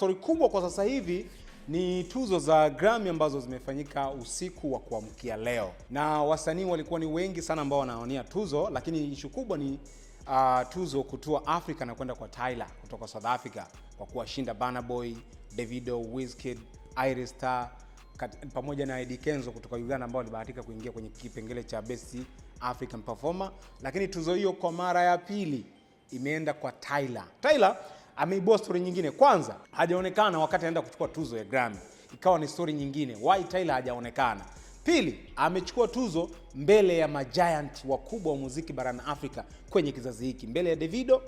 stori kubwa kwa sasa hivi ni tuzo za Grammy ambazo zimefanyika usiku wa kuamkia leo, na wasanii walikuwa ni wengi sana ambao wanaonia tuzo, lakini ishu kubwa ni uh, tuzo kutua Afrika na kwenda kwa Tyla kutoka South Africa kwa kuwashinda Burna Boy, Davido, Wizkid, Ayra Starr pamoja na Eddy Kenzo kutoka Uganda ambao walibahatika kuingia kwenye kipengele cha Best African Performer, lakini tuzo hiyo kwa mara ya pili imeenda kwa Tyla. Tyla ameibua stori nyingine. Kwanza hajaonekana wakati anaenda kuchukua tuzo ya Grammy, ikawa ni stori nyingine. Why Tyler hajaonekana. Pili, amechukua tuzo mbele ya majiant wakubwa wa muziki barani Afrika kwenye kizazi hiki, mbele ya Davido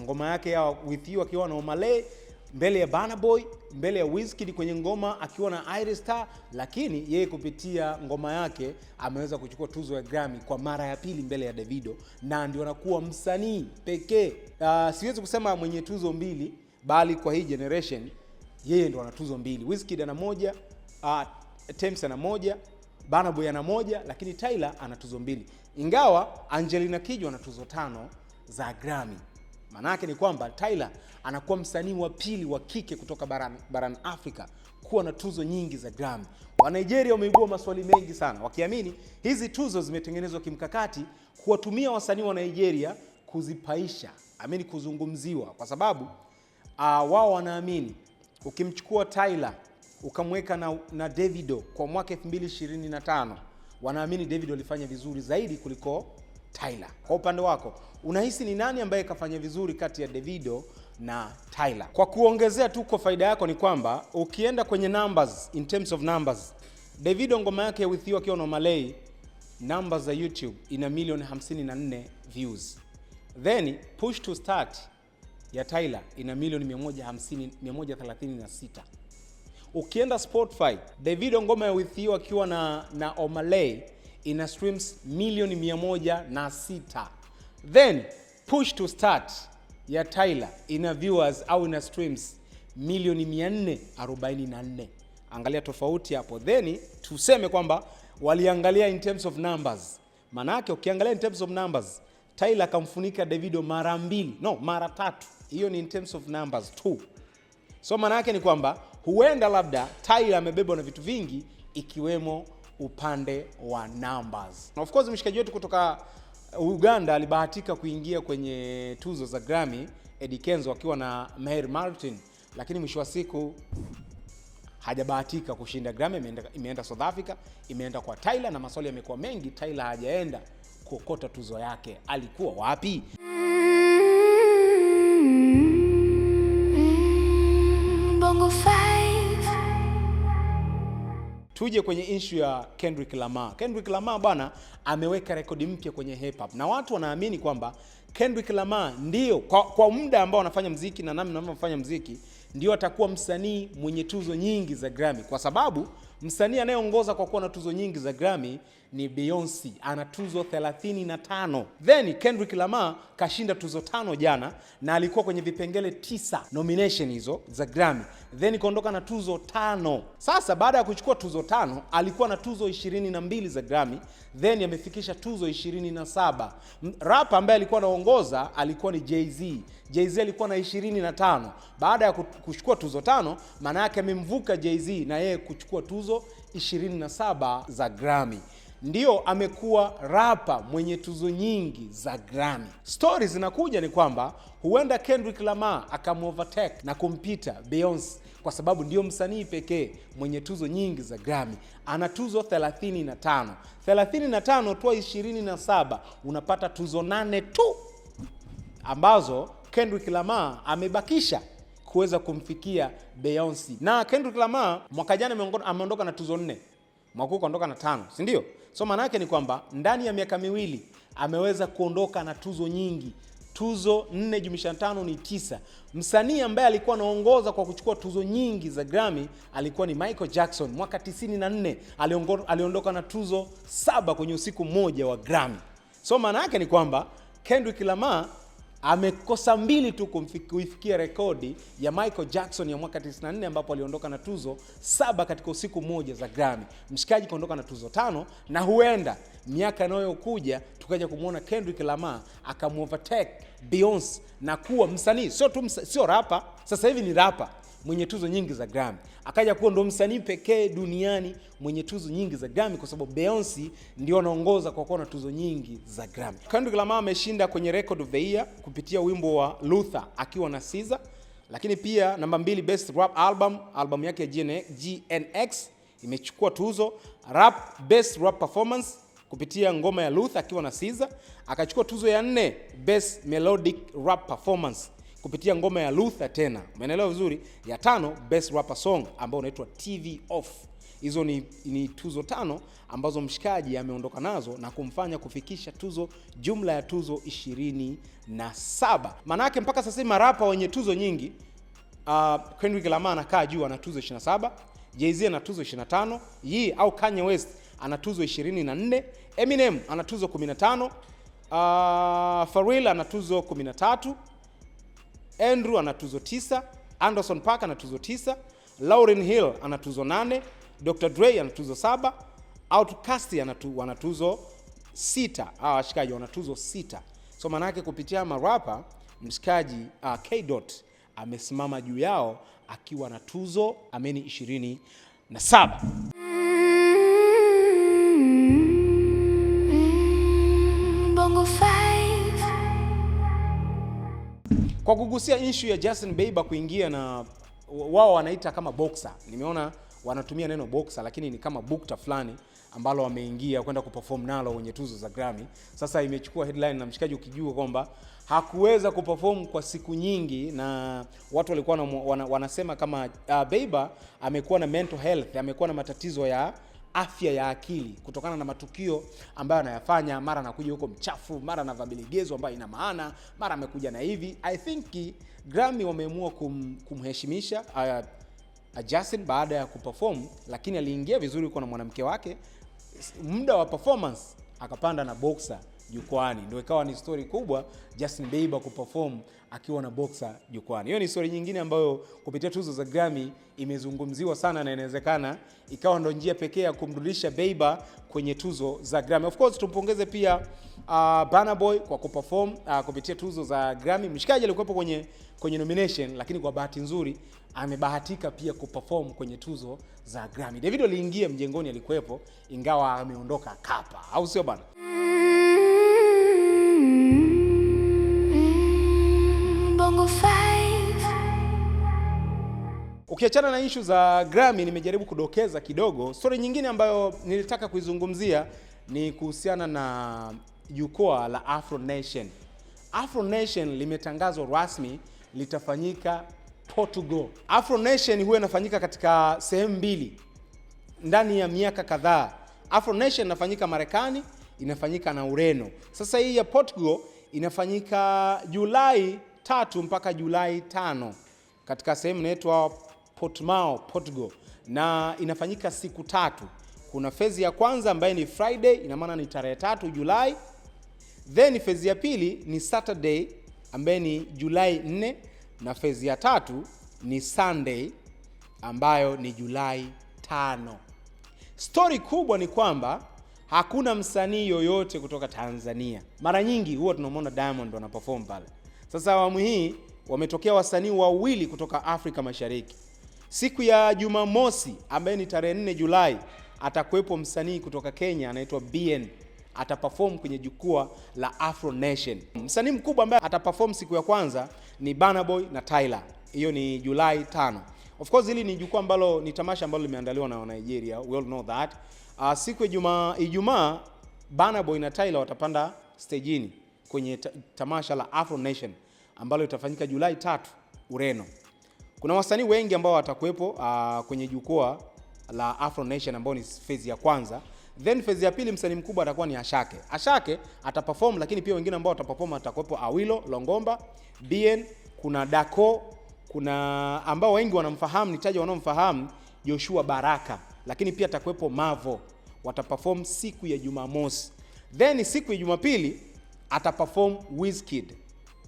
ngoma yake ya With akiwa na Omaley mbele ya Burna Boy, mbele ya Wizkid kwenye ngoma akiwa na Iris Star, lakini yeye kupitia ngoma yake ameweza kuchukua tuzo ya Grammy kwa mara ya pili mbele ya Davido, na ndio anakuwa msanii pekee uh, siwezi kusema mwenye tuzo mbili, bali kwa hii generation yeye ndo ana tuzo mbili. Wizkid ana moja, uh, ah, Tems ana moja, Burna Boy ana moja, lakini Tyler ana tuzo mbili, ingawa Angelina Kijo ana tuzo tano za Grammy. Maana yake ni kwamba Tyla anakuwa msanii wa pili wa kike kutoka barani, barani Afrika kuwa na tuzo nyingi za Grammy. Wa Nigeria wameibua maswali mengi sana, wakiamini hizi tuzo zimetengenezwa kimkakati kuwatumia wasanii wa Nigeria kuzipaisha, amini kuzungumziwa, kwa sababu uh, wao wanaamini ukimchukua Tyla ukamweka na, na Davido kwa mwaka 2025 wanaamini Davido alifanya vizuri zaidi kuliko Tyler. Kwa upande wako unahisi ni nani ambaye kafanya vizuri kati ya Davido na tyler Kwa kuongezea tu kwa faida yako ni kwamba ukienda kwenye numbers, in terms of numbers, Davido ngoma yake with you akiwa na Malay numbers za YouTube ina milioni 54 views, then push to start ya Tyler ina milioni 150 136. Ukienda Spotify, Davido ngoma ya with you akiwa na na Omalei ina streams milioni 106. Then push to start ya tyler ina viewers au ina streams milioni 444. Angalia tofauti hapo, then tuseme kwamba waliangalia in terms of numbers. Manake ukiangalia in terms of numbers tyler akamfunika Davido mara mbili, no mara tatu. Hiyo ni in terms of numbers tu, so maana yake ni kwamba huenda labda tyler amebebwa na vitu vingi ikiwemo upande wa numbers. Of course mshikaji wetu kutoka uh, Uganda alibahatika kuingia kwenye tuzo za Grammy Eddie Kenzo akiwa na Mary Martin, lakini mwisho wa siku hajabahatika kushinda Grammy. Imeenda, imeenda South Africa, imeenda kwa Tyler, na maswali yamekuwa mengi. Tyler hajaenda kuokota tuzo yake, alikuwa wapi? Mm, Bongo 5 Tuje kwenye ishu ya Kendrick Lamar. Kendrick Lamar bwana ameweka rekodi mpya kwenye hip hop na watu wanaamini kwamba Kendrick Lamar ndio kwa, kwa muda ambao anafanya mziki na namna anavyofanya mziki ndio atakuwa msanii mwenye tuzo nyingi za Grammy, kwa sababu msanii anayeongoza kwa kuwa na tuzo nyingi za Grammy ni Beyonce, ana tuzo 35. Then Kendrick Lamar kashinda tuzo tano jana na alikuwa kwenye vipengele tisa nomination hizo za Grammy, then kaondoka na tuzo tano. Sasa baada ya kuchukua tuzo tano alikuwa na tuzo 22 za Grammy, then amefikisha tuzo 27. rap ambaye alikuwa anaongoza alikuwa ni Jay-Z. Jay-Z alikuwa na 25 baada ya kuchukua tuzo tano, maana yake amemvuka Jay-Z na yeye kuchukua tuzo 27 za Grammy ndiyo amekuwa rapa mwenye tuzo nyingi za Grammy. Stori zinakuja ni kwamba huenda Kendrick Lamar akamovertake na kumpita Beyonce kwa sababu ndiyo msanii pekee mwenye tuzo nyingi za Grammy. Ana tuzo 35, 35 toa 27, unapata tuzo nane tu ambazo Kendrick Lamar amebakisha kuweza kumfikia Beyonce. Na Kendrick Lamar mwaka jana ameondoka na tuzo nne mwaka huu kaondoka na tano, si ndio? So maana yake ni kwamba ndani ya miaka miwili ameweza kuondoka na tuzo nyingi, tuzo nne jumlisha tano ni tisa. Msanii ambaye alikuwa anaongoza kwa kuchukua tuzo nyingi za Grammy alikuwa ni Michael Jackson. Mwaka 94 aliondoka na tuzo saba kwenye usiku mmoja wa Grammy. So maana yake ni kwamba Kendrick Lamar amekosa mbili tu kuifikia rekodi ya Michael Jackson ya mwaka 94 ambapo aliondoka na tuzo saba katika usiku mmoja za Grammy. Mshikaji kaondoka na tuzo tano, na huenda miaka inayokuja tukaja kumwona Kendrick Lamar akamovertake Beyonce na kuwa msanii sio tu msa, sio rapa, sasa hivi ni rapa mwenye tuzo nyingi za Grammy akaja kuwa ndo msanii pekee duniani mwenye tuzo nyingi za Grammy, kwa sababu Beyonce ndio anaongoza kwa kuwa na tuzo nyingi za Grammy. Kendrick Lamar ameshinda kwenye record of the year kupitia wimbo wa Luther akiwa na SZA, lakini pia namba mbili best rap album, albamu yake ya GNX imechukua tuzo. Rap best rap performance kupitia ngoma ya Luther akiwa na SZA, akachukua tuzo ya nne best melodic rap performance kupitia ngoma ya Luther tena, umeelewa vizuri. Ya tano best rapper song ambayo unaitwa TV Off. Hizo ni, ni tuzo tano ambazo mshikaji ameondoka nazo na kumfanya kufikisha tuzo jumla ya tuzo ishirini na saba. Maana yake mpaka sasa marapa wenye tuzo nyingi uh, Kendrick Lamar anakaa juu ana tuzo 27, Jay-Z ana tuzo 25, Ye au Kanye West ana tuzo 24, Eminem ana tuzo 15, uh, Pharrell ana tuzo 13 Andrew ana tuzo tisa, Anderson Park ana tuzo tisa, Lauren Hill ana tuzo nane, Dr. Dre ana tuzo saba, Outkast ana tuzo sita. Hawa ah, washikaji wana tuzo sita. So manake kupitia marapa mshikaji uh, K-Dot amesimama juu yao akiwa na tuzo ameni 27. Kwa kugusia issue ya Justin Bieber kuingia na wao wanaita kama boxer, nimeona wanatumia neno boxer, lakini ni kama bukta fulani ambalo wameingia kwenda kuperform nalo kwenye tuzo za Grammy. Sasa imechukua headline na mshikaji, ukijua kwamba hakuweza kuperform kwa siku nyingi, na watu walikuwa wana, wanasema kama uh, Bieber amekuwa na mental health, amekuwa na matatizo ya afya ya akili kutokana na matukio ambayo anayafanya. Mara anakuja huko mchafu, mara anavaa belegezo ambayo ina maana, mara amekuja na hivi. I think Grammy wameamua kum, kumheshimisha uh, uh Justin baada ya kuperform, lakini aliingia vizuri kwa na mwanamke wake, muda wa performance akapanda na boxer jukwani, ndio ikawa ni story kubwa Justin Bieber kuperform akiwa na boksa jukwani. Hiyo ni story nyingine ambayo kupitia tuzo za Grammy imezungumziwa sana na inawezekana ikawa ndo njia pekee ya kumrudisha Beiba kwenye tuzo za Grammy. Of course tumpongeze pia uh, Burna Boy kwa kuperform uh, kupitia tuzo za Grammy. Mshikaji alikuwepo kwenye kwenye nomination, lakini kwa bahati nzuri amebahatika pia kuperform kwenye tuzo za Grammy. Davido aliingia mjengoni, alikuwepo ingawa ameondoka kapa, au sio bana? Ukiachana na ishu za Grammy, nimejaribu kudokeza kidogo. Stori nyingine ambayo nilitaka kuizungumzia ni kuhusiana na jukwaa la Afro Nation. Afro Nation limetangazwa rasmi litafanyika Portugal. Afro Nation huwa inafanyika katika sehemu mbili ndani ya miaka kadhaa. Afro Nation inafanyika Marekani, inafanyika na Ureno. Sasa hii ya Portugal inafanyika Julai tatu mpaka Julai tano katika sehemu inaitwa Portimao, Portugal, na inafanyika siku tatu. Kuna fezi ya kwanza ambayo ni Friday, ina maana ni tarehe tatu Julai, then fezi ya pili ni Saturday ambayo ni Julai 4 na fezi ya tatu ni Sunday ambayo ni Julai tano. Stori kubwa ni kwamba hakuna msanii yoyote kutoka Tanzania. Mara nyingi huwa tunamwona Diamond anaperform pale sasa awamu hii wametokea wasanii wawili kutoka Afrika Mashariki. Siku ya Jumamosi ambaye ni tarehe 4 Julai atakuwepo msanii kutoka Kenya anaitwa BN ataperform kwenye jukwaa la Afro Nation. Msanii mkubwa ambaye ataperform siku ya kwanza ni Burna Boy na Tyler. Hiyo ni Julai 5. Of course hili ni jukwaa ambalo ni tamasha ambalo limeandaliwa na Nigeria. We all know that. Uh, siku ya Ijumaa Burna Boy na Tyler watapanda stejini kwenye tamasha la Afro Nation ambalo litafanyika Julai tatu Ureno. Kuna wasanii wengi ambao watakuwepo uh, kwenye jukwaa la Afro Nation ambao ni phase ya kwanza. Then phase ya pili msanii mkubwa atakuwa ni Ashake. Ashake ataperform, lakini pia wengine ambao wataperform atakuwepo Awilo Longomba, BN, kuna Dako, kuna ambao wengi wanamfahamu, nitaja wanaomfahamu Joshua Baraka, lakini pia atakuwepo Mavo. Wataperform siku ya Jumamosi. Then siku ya Jumapili ataperform Wizkid.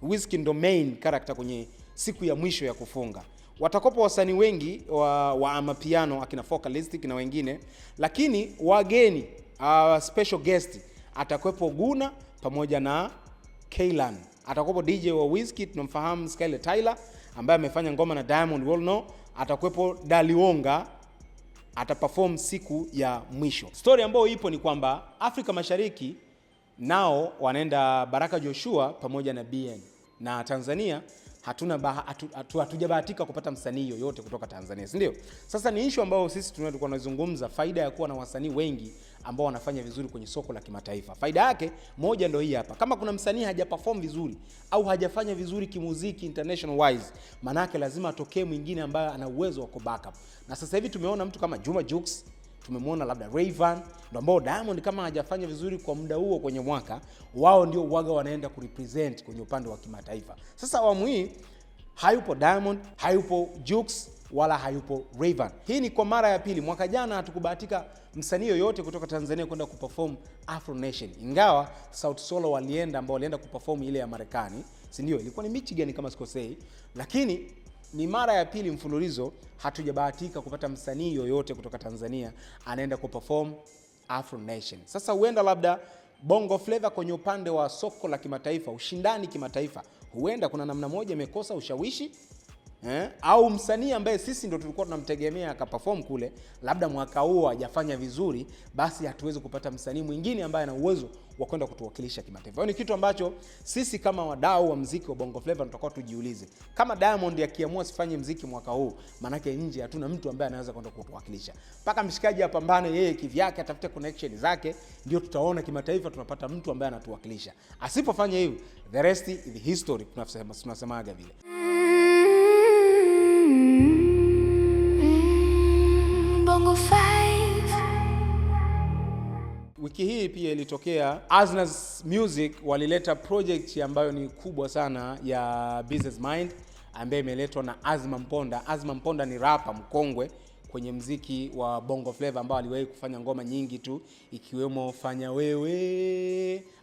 Wizkid ndo main character kwenye siku ya mwisho ya kufunga. Watakopa wasanii wengi wa, wa amapiano akina Focalistic na wengine, lakini wageni uh, special guest atakwepo Guna pamoja na Kaylan. Atakwepo DJ wa Wizkid tunamfahamu Skyler Tyler ambaye amefanya ngoma na Diamond well no. Atakwepo Daliwonga ataperform siku ya mwisho. Story ambayo ipo ni kwamba Afrika Mashariki nao wanaenda Baraka Joshua pamoja na BN na Tanzania hatuna hatujabahatika kupata msanii yoyote kutoka Tanzania, si ndio? Sasa ni issue ambayo sisi tulikuwa tunazungumza, faida ya kuwa na wasanii wengi ambao wanafanya vizuri kwenye soko la kimataifa. Faida yake moja ndio hii hapa, kama kuna msanii hajaperform vizuri au hajafanya vizuri kimuziki international wise, manake lazima atokee mwingine ambaye ana uwezo wa kubackup, na sasa hivi tumeona mtu kama Juma Jux tumemwona labda Rayvan ndo ambao Diamond kama hajafanya vizuri kwa muda huo kwenye mwaka wao, ndio uwaga wanaenda kurepresent kwenye upande wa kimataifa. Sasa awamu hii hayupo Diamond, hayupo Jux wala hayupo Rayvan. Hii ni kwa mara ya pili. Mwaka jana hatukubahatika msanii yoyote kutoka Tanzania kwenda kuperform Afro Nation, ingawa Sauti Solo walienda ambao walienda kuperform ile ya Marekani, si ndio? Ilikuwa ni Michigan kama sikosei, lakini ni mara ya pili mfululizo hatujabahatika kupata msanii yoyote kutoka Tanzania anaenda kuperform Afro Nation. Sasa huenda labda Bongo Flava kwenye upande wa soko la kimataifa, ushindani kimataifa, huenda kuna namna moja imekosa ushawishi eh, au msanii ambaye sisi ndo tulikuwa tunamtegemea akaperform kule, labda mwaka huo hajafanya vizuri, basi hatuwezi kupata msanii mwingine ambaye ana uwezo wa kwenda kutuwakilisha kimataifa. Ni kitu ambacho sisi kama wadau wa mziki wa Bongo Flava tutakuwa tujiulize, kama Diamond akiamua sifanye mziki mwaka huu, maanake nje hatuna mtu ambaye anaweza kwenda kutuwakilisha. Mpaka mshikaji apambane yeye kivyake, atafute connection zake, ndio tutaona kimataifa tunapata mtu ambaye anatuwakilisha. Asipofanya hivi, the rest is history, tunasemaga vile. Wiki hii pia ilitokea Aznas Music walileta project ambayo ni kubwa sana ya Business Mind ambayo imeletwa na Azma Mponda. Azma Mponda ni rapa mkongwe kwenye mziki wa Bongo Flava ambao aliwahi kufanya ngoma nyingi tu ikiwemo fanya wewe,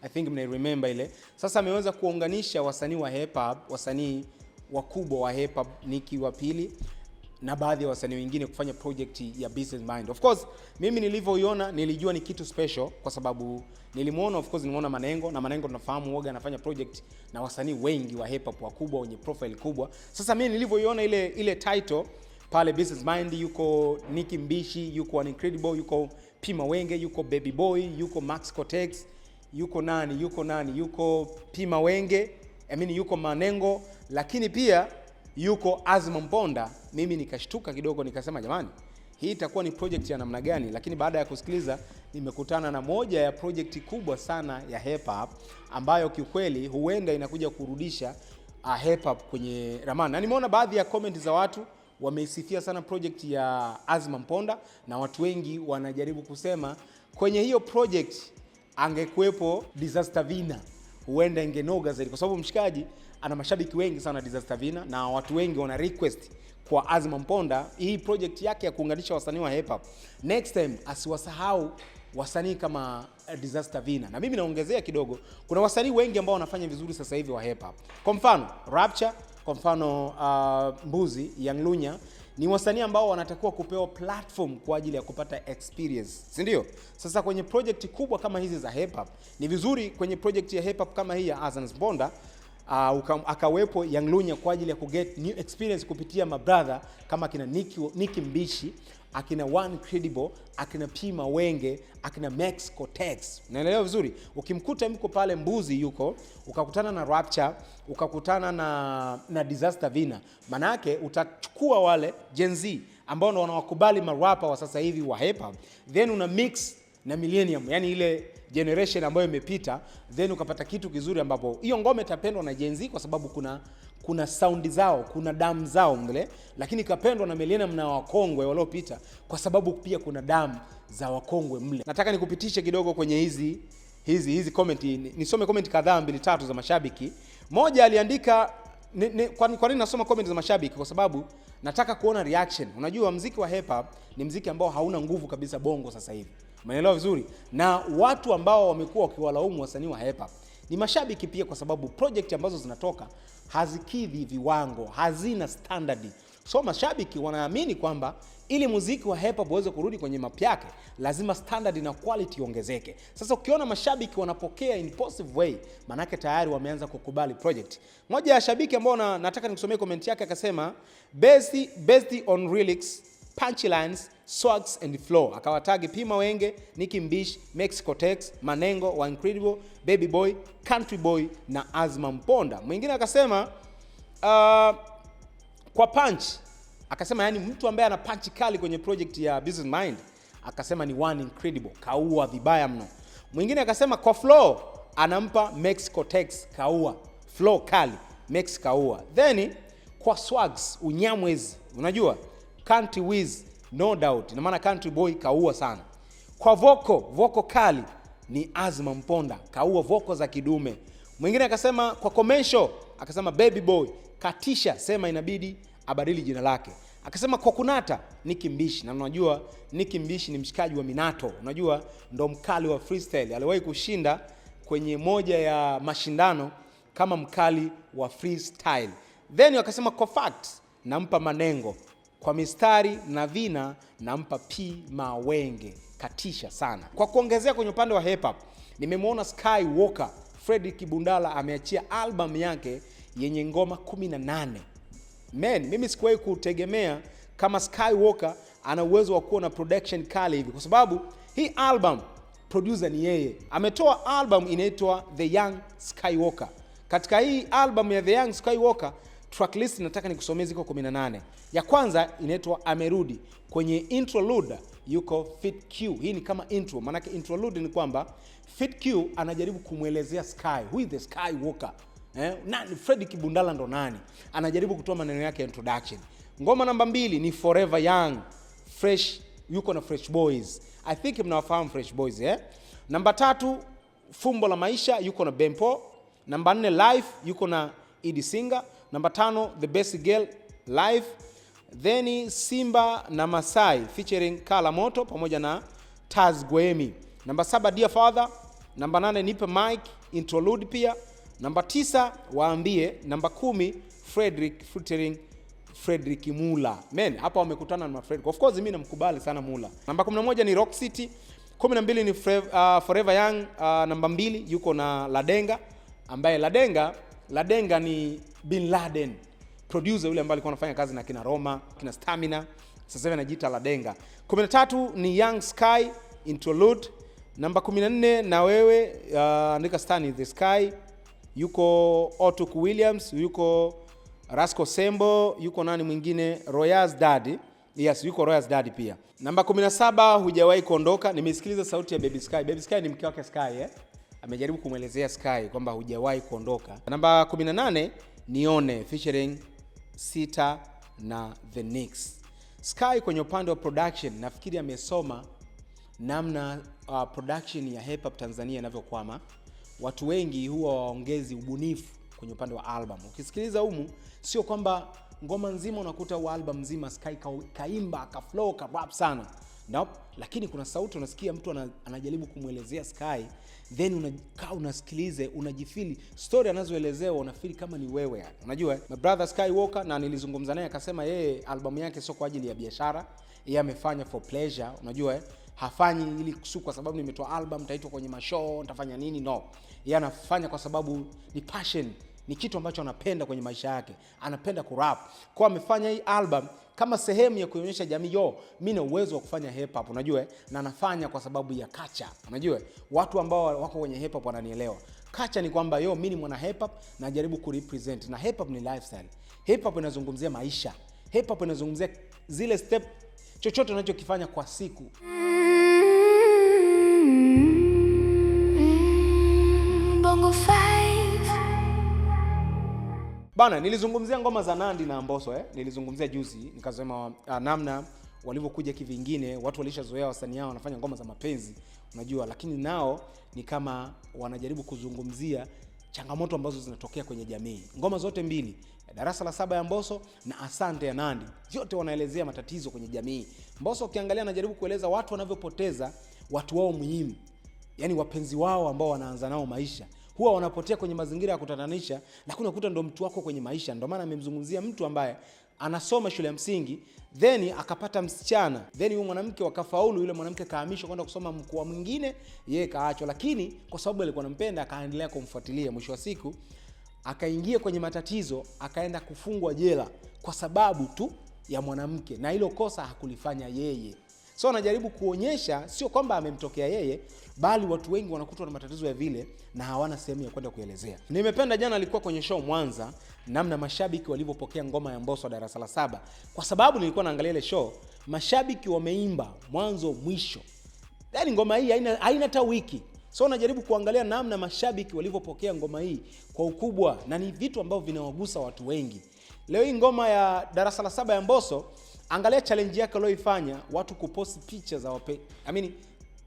I think mna remember ile. Sasa ameweza kuunganisha wasanii wa hip hop, wasanii wakubwa wa hip hop, Nikki wa pili na baadhi ya wasanii wengine kufanya project ya business mind. Of course, mimi nilivyoiona nilijua ni kitu special kwa sababu nilimuona, of course, nimuona Manengo na Manengo tunafahamu woga anafanya project na wasanii wengi wa hip hop wakubwa wenye profile kubwa. Sasa mimi nilivyoiona ile ile title pale business mind, yuko Nicki Mbishi, yuko an Incredible, yuko Pima Wenge, yuko Baby Boy, yuko Max Cortex, yuko nani, yuko nani, yuko Pima Wenge, I mean, yuko Manengo, lakini pia yuko azma Mponda, mimi nikashtuka kidogo, nikasema jamani, hii itakuwa ni project ya namna gani? Lakini baada ya kusikiliza, nimekutana na moja ya project kubwa sana ya hop ambayo kiukweli huenda inakuja kurudisha ah, hop kwenye ramani, na nimeona baadhi ya comment za watu wameisifia sana project ya azma Mponda, na watu wengi wanajaribu kusema kwenye hiyo project angekuwepo Disaster Vina, huenda ingenoga zaidi, kwa sababu mshikaji ana mashabiki wengi sana Disaster Vina, na watu wengi wana request kwa Azma Mponda hii project yake ya kuunganisha wasanii wa hip hop. Next time asiwasahau wasanii kama eh, Disaster Vina, na mimi naongezea kidogo, kuna wasanii wengi ambao wanafanya vizuri sasa hivi wa hip hop, kwa mfano Rapture, kwa mfano uh, Mbuzi Young Lunya ni wasanii ambao wanatakiwa kupewa platform kwa ajili ya kupata experience, si ndio? Sasa kwenye project kubwa kama hizi za hip hop, ni vizuri kwenye project ya hip hop kama hii ya Azans Bonda uh, akawepo Young Lunya kwa ajili ya kuget new experience kupitia mabradha kama akina Niki, Mbishi akina One Credible akina Pima Wenge akina Max Cortex. Unaelewa vizuri, ukimkuta mko pale Mbuzi yuko, ukakutana na Rapture, ukakutana na, na Disaster Vina, manake utachukua wale Gen Z ambao ndo wanawakubali marapa wa sasa hivi wa hip hop, then una mix na millennium, yani ile generation ambayo imepita, then ukapata kitu kizuri, ambapo hiyo ngoma itapendwa na Gen Z kwa sababu kuna kuna sound zao, kuna damu zao mle, lakini ikapendwa na millennium na wakongwe waliopita kwa sababu pia kuna damu za wakongwe mle. Nataka nikupitishe kidogo kwenye hizi hizi hizi comment, nisome comment kadhaa mbili tatu za mashabiki. Moja aliandika ni, ni, kwa, kwa nini nasoma comment za mashabiki? Kwa sababu nataka kuona reaction. Unajua mziki wa hip hop ni mziki ambao hauna nguvu kabisa bongo sasa hivi. Umeelewa vizuri? Na watu ambao wamekuwa wakiwalaumu wasanii wa hip hop ni mashabiki pia, kwa sababu project ambazo zinatoka hazikidhi viwango, hazina standard. So mashabiki wanaamini kwamba ili muziki wa hip hop uweze kurudi kwenye map yake lazima standard na quality iongezeke. Sasa ukiona mashabiki wanapokea in positive way, manake tayari wameanza kukubali project. Moja ya shabiki ambao na, nataka nikusomee comment yake akasema based, based on lyrics, punchlines Swags and Flow, akawatagi Pima Wenge, Nicki Mbish, Mexico Tex, Manengo wa Incredible, Baby Boy, Country Boy na Azma Mponda. Mwingine akasema uh, kwa punch akasema yani, mtu ambaye ana punch kali kwenye project ya Business Mind akasema ni One Incredible, kaua vibaya mno. Mwingine akasema kwa flow anampa Mexico Tex, kaua flow kali, Mexico, kaua. Then kwa Swags, unyamwezi, unajua Country Wiz no doubt. Na maana country boy kaua sana kwa voko, voko kali ni Azma Mponda kaua voko za kidume. Mwingine akasema kwa commercial, akasema baby boy katisha, sema inabidi abadili jina lake. Akasema kwa kunata Nicki Mbishi, na unajua Nicki Mbishi ni mshikaji wa Minato, unajua ndo mkali wa freestyle, aliwahi kushinda kwenye moja ya mashindano kama mkali wa freestyle. Then wakasema kwa facts nampa manengo kwa mistari na vina nampa P Mawenge, katisha sana. Kwa kuongezea kwenye upande wa hip hop, nimemwona Sky Walker Fredrick Kibundala ameachia albamu yake yenye ngoma 18. Man, mimi sikuwahi kutegemea kama Sky Walker ana uwezo wa kuwa na production kali hivi, kwa sababu hii album producer ni yeye. Ametoa album inaitwa The Young Skywalker. Katika hii album ya The Young Skywalker tracklist nataka nikusomee ziko 18. Ya kwanza inaitwa Amerudi. Kwenye interlude yuko fit q Hii ni kama intro, maanake interlude ni kwamba fit q anajaribu kumwelezea Sky, who is the sky walker Eh, nani Fred Kibundala ndo nani? Anajaribu kutoa maneno yake introduction. Ngoma namba mbili ni Forever Young. Fresh yuko na Fresh Boys. I think mnawafahamu Fresh Boys eh? Namba tatu Fumbo la Maisha yuko na Bempo. Namba nne Life yuko na Idi Singa. Namba tano, The Best Girl Live, then Simba na Masai featuring Kala Moto pamoja na Taz Gwemi. Namba saba, Dear Father. Namba nane, Nipe Mike Interlude pia. Namba tisa, Waambie. Namba kumi, Frederick featuring Frederick Mula. Men, hapa wamekutana na Frederick. Of course mimi namkubali sana Mula. Namba 11 ni Rock City, 12 ni uh, Forever Young, uh, namba mbili yuko na Ladenga ambaye Ladenga Ladenga ni Bin Laden, producer yule ambaye alikuwa anafanya kazi na kina Roma, kina Stamina, sasa hivi anajiita Ladenga. 13 ni Young Sky Interlude. Namba 14 na wewe uh, andika Stan in the Sky. Yuko Otuk Williams, yuko Rasco Sembo, yuko nani mwingine? Royas Daddy. Yes, yuko Royas Daddy pia. Namba 17 hujawahi kuondoka. Nimesikiliza sauti ya Baby Sky. Baby Sky ni mke wake Sky eh? amejaribu kumwelezea Sky kwamba hujawahi kuondoka. Namba 18 nione featuring Sita na The Nix. Sky kwenye upande wa production nafikiri amesoma namna uh, production ya hip hop Tanzania inavyokwama. Watu wengi huwa waongezi ubunifu kwenye upande wa album. Ukisikiliza humu sio kwamba ngoma nzima unakuta wa album nzima Sky ka, kaimba ka flow ka rap sana. Nope. Lakini kuna sauti unasikia mtu anajaribu kumwelezea Sky then unakaa unasikilize, unajifili story anazoelezewa, unafili kama ni wewe yani. Unajua my brother Skywalker, na nilizungumza naye akasema yeye albamu yake sio kwa ajili ya biashara, yeye amefanya for pleasure, unajua Hafanyi ili si kwa sababu nimetoa album, nitaitwa kwenye mashow, nitafanya nini? No, yeye anafanya kwa sababu ni passion ni kitu ambacho anapenda kwenye maisha yake, anapenda kurap. Kwa amefanya hii album kama sehemu ya kuonyesha jamii, yo, mimi na uwezo wa kufanya hip hop, unajua, na nafanya kwa sababu ya kacha, unajua, watu ambao wako kwenye hip hop wananielewa. Kacha ni kwamba yo, mimi ni mwana hip hop, najaribu kurepresent, na hip hop ni lifestyle. Hip hop inazungumzia maisha, hip hop inazungumzia zile step, chochote unachokifanya kwa siku. Bana, nilizungumzia ngoma za nandi na mboso eh? Nilizungumzia juzi nikasema ah, namna walivyokuja kivingine. Watu walishazoea wasanii hao wanafanya ngoma za mapenzi, unajua, lakini nao ni kama wanajaribu kuzungumzia changamoto ambazo zinatokea kwenye jamii. Ngoma zote mbili, darasa la saba ya mboso na asante ya nandi zote wanaelezea matatizo kwenye jamii. mboso ukiangalia, anajaribu kueleza watu wanavyopoteza watu wao muhimu, yani wapenzi wao ambao wanaanza nao maisha huwa wanapotea kwenye mazingira ya kutatanisha, lakini unakuta ndo mtu wako kwenye maisha. Ndo maana amemzungumzia mtu ambaye anasoma shule ya msingi then akapata msichana then huyo mwanamke wakafaulu, yule mwanamke kaamishwa kwenda kusoma mkoa mwingine, yeye kaachwa, lakini kwa sababu alikuwa anampenda akaendelea kumfuatilia. Mwisho wa siku akaingia kwenye matatizo, akaenda kufungwa jela kwa sababu tu ya mwanamke, na hilo kosa hakulifanya yeye. So anajaribu kuonyesha sio kwamba amemtokea yeye, bali watu wengi wanakutwa na matatizo ya vile na hawana sehemu ya kwenda kuelezea. Nimependa jana alikuwa kwenye show Mwanza, namna mashabiki walivyopokea ngoma ya Mbosso darasa la saba, kwa sababu nilikuwa naangalia ile show, mashabiki wameimba mwanzo mwisho, yaani ngoma hii haina hata wiki So najaribu kuangalia namna mashabiki walivyopokea ngoma hii kwa ukubwa, na ni vitu ambavyo vinawagusa watu wengi. Leo hii ngoma ya darasa la saba ya Mbosso angalia challenge yake aliyoifanya watu kupost picha za wape, I mean,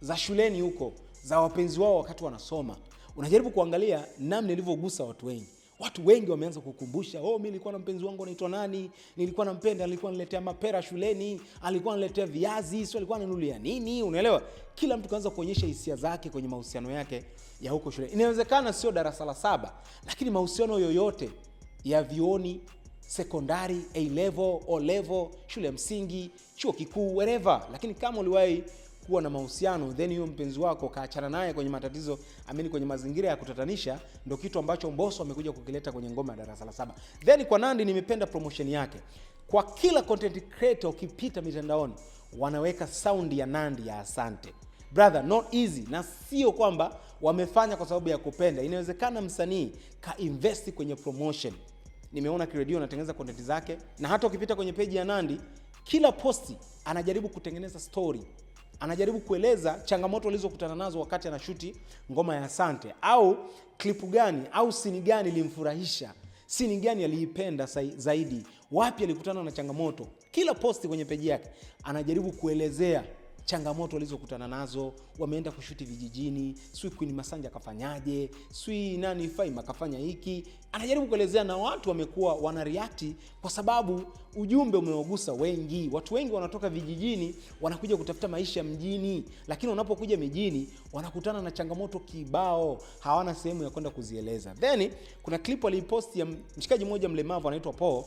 za shuleni huko za wapenzi wao wakati wanasoma. Unajaribu kuangalia namna ilivyogusa watu wengi. Watu wengi wameanza kukumbusha, oh, mimi nilikuwa na mpenzi wangu anaitwa nani, nilikuwa nampenda, alikuwa ananiletea mapera shuleni, alikuwa ananiletea viazi, sio, alikuwa ananulia nini, unaelewa? Kila mtu kaanza kuonyesha hisia zake kwenye mahusiano yake ya huko shuleni. Inawezekana sio darasa la saba, lakini mahusiano yoyote ya vioni sekondari, A level, O level, shule ya msingi, chuo kikuu, wherever. Lakini kama uliwahi kuwa na mahusiano then huyo mpenzi wako kaachana naye kwenye matatizo amini, kwenye mazingira ya kutatanisha, ndo kitu ambacho Mbosso amekuja kukileta kwenye ngoma ya darasa la saba. Then kwa Nandy nimependa promotion yake kwa kila content creator ukipita mitandaoni wanaweka saundi ya Nandy ya asante brother, not easy, na sio kwamba wamefanya kwa sababu ya kupenda. Inawezekana msanii ka invest kwenye promotion nimeona Kiredio anatengeneza content zake, na hata ukipita kwenye peji ya Nandy, kila posti anajaribu kutengeneza story, anajaribu kueleza changamoto alizokutana nazo wakati anashuti ngoma ya Asante, au klipu gani au sini gani ilimfurahisha, sini gani aliipenda zaidi, wapi alikutana na changamoto. Kila posti kwenye peji yake anajaribu kuelezea changamoto walizokutana nazo, wameenda kushuti vijijini, sui Queen Masanja akafanyaje, sui nani Faima akafanya hiki, anajaribu kuelezea na watu wamekuwa wanariati kwa sababu ujumbe umewagusa wengi. Watu wengi wanatoka vijijini wanakuja kutafuta maisha mjini, lakini wanapokuja mijini wanakutana na changamoto kibao, hawana sehemu ya kwenda kuzieleza. Then kuna clip aliiposti ya mshikaji mmoja mlemavu anaitwa Paul,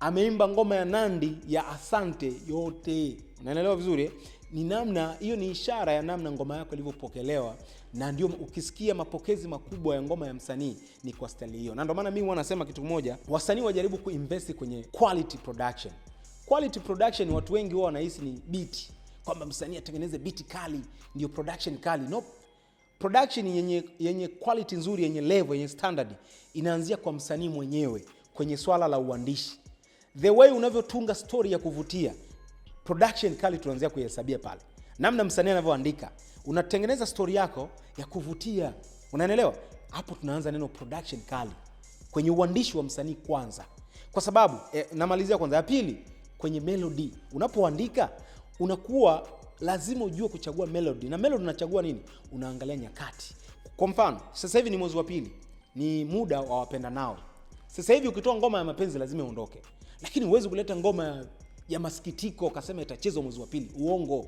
ameimba ngoma ya Nandi ya Asante yote, unaelewa vizuri ni namna hiyo, ni ishara ya namna ngoma yako ilivyopokelewa, na ndio ukisikia mapokezi makubwa ya ngoma ya msanii ni kwa stali hiyo. Na ndio maana mimi wanasema kitu moja, wasanii wajaribu kuinvest kwenye quality production. Quality production watu wengi wao wanahisi ni beat, kwamba msanii atengeneze beat kali ndio production kali. No, production yenye, yenye quality nzuri, yenye level, yenye standard inaanzia kwa msanii mwenyewe kwenye swala la uandishi, the way unavyotunga story ya kuvutia production kali tunaanzia kuihesabia pale, namna msanii anavyoandika. Unatengeneza stori yako ya kuvutia, unaelewa Hapo tunaanza neno production kali kwenye uandishi wa msanii kwanza, kwa sababu eh, namalizia kwanza. Ya pili kwenye melody, unapoandika unakuwa lazima ujue kuchagua melody, na melody unachagua nini? Unaangalia nyakati. Kwa mfano sasa hivi ni mwezi wa pili, ni muda wa wapenda nao. Sasa hivi ukitoa ngoma ya mapenzi lazima uondoke lakini huwezi kuleta ngoma ya ya masikitiko akasema itachezwa mwezi wa pili, uongo.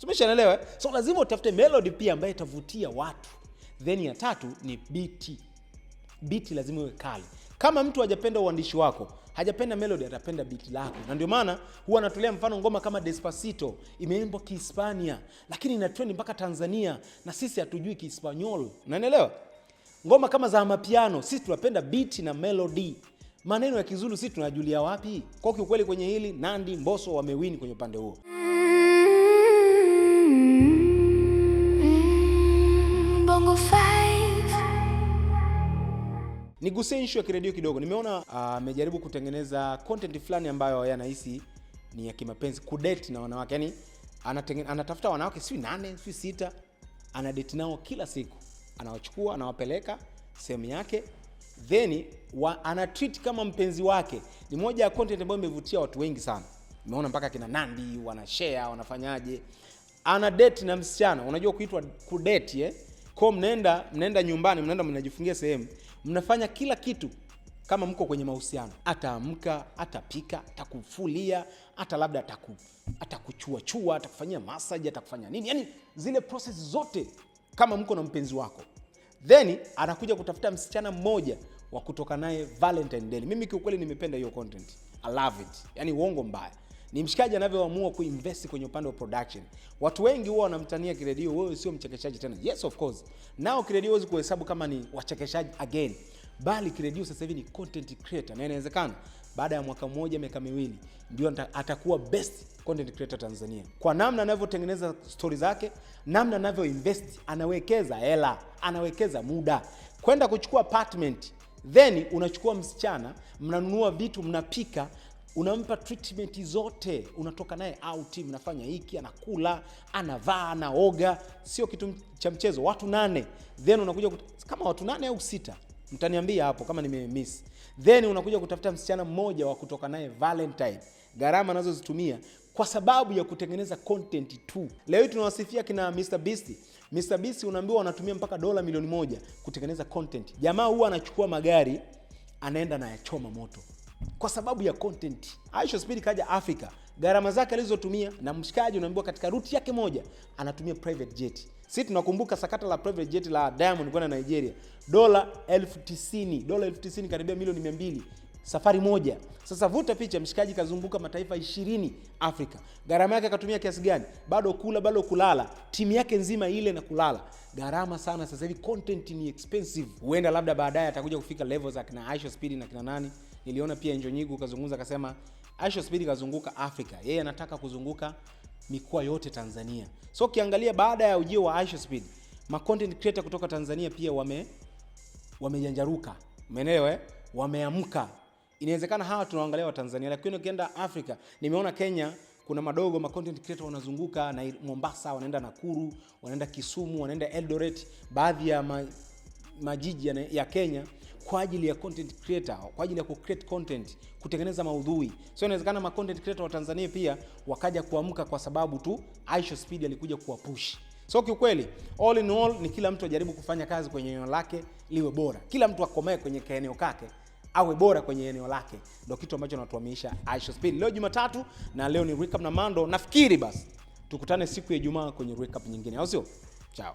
Tumeshaelewa eh? So lazima utafute melody pia ambayo itavutia watu, then ya tatu ni biti. Biti lazima iwe kali. Kama mtu hajapenda uandishi wako, hajapenda melody, atapenda biti lako, na ndio maana huwa anatolea mfano ngoma kama Despacito imeimbwa Kihispania, lakini ina trend mpaka Tanzania, na sisi hatujui Kihispanyol, unanielewa? Ngoma kama za mapiano, sisi tunapenda biti na melody maneno ya Kizulu si tunajulia wapi? Kwa kiukweli, kwenye hili Nandi, mboso wamewini kwenye upande huo. Nigusie nshu ya kiredio kidogo. Nimeona ah, amejaribu uh, kutengeneza content fulani ambayo yanahisi ni ya kimapenzi, kudate na wanawake, yani, anatafuta wanawake si nane si sita, anadate nao kila siku, anawachukua anawapeleka sehemu yake then wa, treat kama mpenzi wake. Ni moja ya content ambayo imevutia watu wengi sana, umeona mpaka kina Nandi wanashare wanafanyaje, ana date na msichana. Unajua kuitwa kudate eh? Kwa mnaenda mnaenda nyumbani, mnaenda mnajifungia sehemu, mnafanya kila kitu kama mko kwenye mahusiano, ataamka, atapika, atakufulia, hata labda ataku atakuchuachua, atakufanyia massage, atakufanya nini, yani zile process zote kama mko na mpenzi wako then anakuja kutafuta msichana mmoja wa kutoka naye Valentine Day. Mimi kiukweli nimependa hiyo content. I love it. Yaani uongo mbaya ni mshikaji anavyoamua kuinvest kwenye upande wa production. Watu wengi huwa wanamtania Kiredio, wewe sio mchekeshaji tena. Yes of course, nao Kiredio huwezi kuhesabu kama ni wachekeshaji again, bali Kiredio sasa hivi ni content creator, na inawezekana baada ya mwaka mmoja miaka miwili ndio atakuwa best content creator Tanzania, kwa namna anavyotengeneza stori zake, namna anavyo invest, anawekeza hela, anawekeza muda kwenda kuchukua apartment, then unachukua msichana, mnanunua vitu, mnapika unampa treatment zote, unatoka naye out, mnafanya hiki, anakula, anavaa, anaoga, sio kitu cha mchezo. Watu nane, then unakuja kama watu nane au sita Mtaniambia hapo kama nimemiss. Then unakuja kutafuta msichana mmoja wa kutoka naye Valentine, gharama anazozitumia kwa sababu ya kutengeneza content tu. Leo hii tunawasifia kina Mr Beast. Mr Beast unaambiwa wanatumia mpaka dola milioni moja kutengeneza content. Jamaa huwa anachukua magari anaenda nayachoma moto kwa sababu ya content. Aisha Speed kaja Africa, gharama zake alizotumia, na mshikaji unaambiwa katika ruti yake moja anatumia private jet. Sisi tunakumbuka sakata la private jet la Diamond kwenda Nigeria, dola elfu tisini dola elfu tisini karibia milioni mia mbili safari moja. Sasa vuta picha, mshikaji kazunguka mataifa ishirini Afrika, gharama yake akatumia kiasi gani? Bado kula, bado kulala, timu yake nzima ile na kulala, gharama sana. Sasa hivi content ni expensive, huenda labda baadaye atakuja kufika level za kina Aisha Speed na kina nani. Niliona pia Njonyigu kazungumza, akasema Aisha Speed kazunguka Afrika, yeye anataka kuzunguka mikoa yote Tanzania. So ukiangalia baada ya ujio wa Aisha Speed, ma content creator kutoka Tanzania pia wame wamejanjaruka. Umeelewa eh? Wameamka. Inawezekana hawa tunaangalia wa Tanzania, lakini ukienda Afrika, nimeona Kenya kuna madogo ma content creator wanazunguka na Mombasa, wanaenda Nakuru, wanaenda Kisumu, wanaenda Eldoret, baadhi ya ma, majiji ya Kenya kwa ajili ya content creator, kwa ajili ya ku create content, kutengeneza maudhui. So inawezekana ma content creator wa Tanzania pia wakaja kuamka kwa sababu tu Aisha Speed alikuja kuwapush. So kiukweli, all in all ni kila mtu ajaribu kufanya kazi kwenye eneo lake liwe bora, kila mtu akomae kwenye eneo kake awe bora kwenye eneo lake, ndio kitu ambacho natuhamisha Aisha Speed. Leo Jumatatu na leo ni recap na Mando. Nafikiri basi tukutane siku ya Ijumaa kwenye recap nyingine, au sio? Chao.